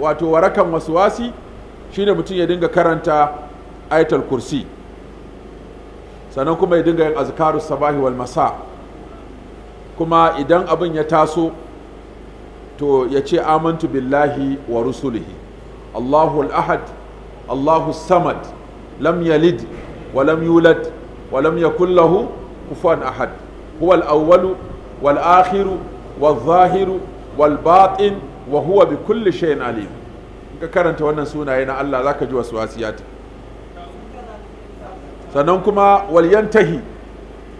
wato warakan wasuwasi shine mutum ya dinga karanta aital kursi sannan kuma ya dinga yin azkarus sabahi wal masa kuma idan abin ya taso to ya ce amantu billahi wa rusulihi Allahu al-ahad Allahu samad lam yalid wa lam yulad wa lam yakul lahu kufuwan ahad huwa al-awwalu wal akhiru wal zahiru walbatin wahuwa wa huwa bi kulli shay'in alim ka karanta wannan sunaye na Allah zaka ji wasu wasiyata sannan kuma wal yantahi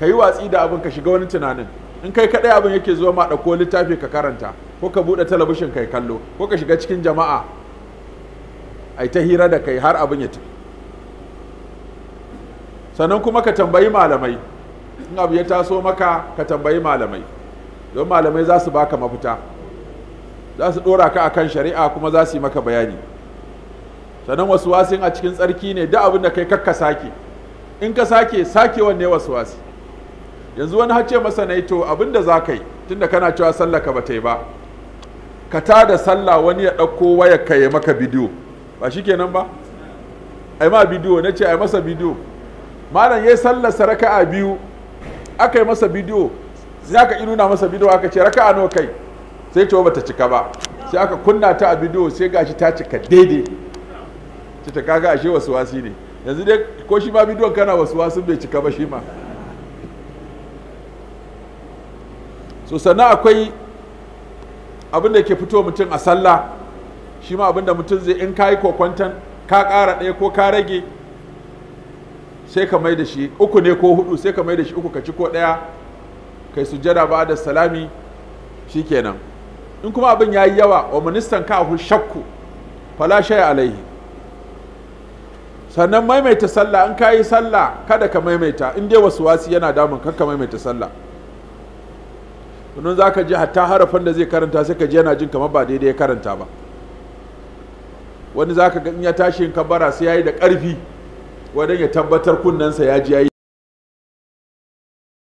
ka yi watsi da abin ka shiga wani tunanin in kai kaɗai abin yake zuwa ma dauko littafi ka karanta ko ka bude talabishin kai kallo ko ka shiga cikin jama'a ai ta hira da kai har abin ya tafi sannan kuma ka tambayi malamai in abu ya taso maka ka tambayi malamai don malamai za su baka mafita za su ɗora ka akan shari'a kuma za su yi maka bayani sannan wasu wasin a cikin tsarki ne da abin da kai kakka sake in ka sake sake wanne wasu wasi yanzu wani hace masa na to abin da za ka yi tunda kana cewa sallah ka bata yi ba ka ta da sallah wani ya ɗauko waya ka yi maka bidiyo ba shi kenan ba ai ma bidiyo na ce ai masa bidiyo malam ya yi sallah sa raka'a biyu aka yi masa bidiyo za ka nuna masa bidiyo aka ce raka'a nawa kai sai ce bata cika ba sai aka kunna ta a bidiyo sai gashi ta cika daidai ta kaga ashe wasu wasi ne yanzu dai ko shi ma bidiyon kana wasu wasu bai cika ba shi ma so sannan akwai abin da ke fito mutum a sallah shi ma abin da mutum zai in kayi kokwantan ka kara ɗaya ko ka rage sai ka mai da shi uku ne ko hudu sai ka mai da shi uku ka ci ko ɗaya kai sujjada ba da salami shi kenan. in kuma abin ya yi yawa wa ministan kahu shakku fala alaihi sannan maimaita sallah in ka yi sallah kada ka maimaita in dai wasu wasi yana damun kan ka maimaita sallah tunun za ka ji hatta harafin da zai karanta sai ka ji yana jin kama ba daidai ya karanta ba wani za ka ga in ya tashi in kabara sai ya yi da ƙarfi wadan ya tabbatar kunnensa ya ji ya yi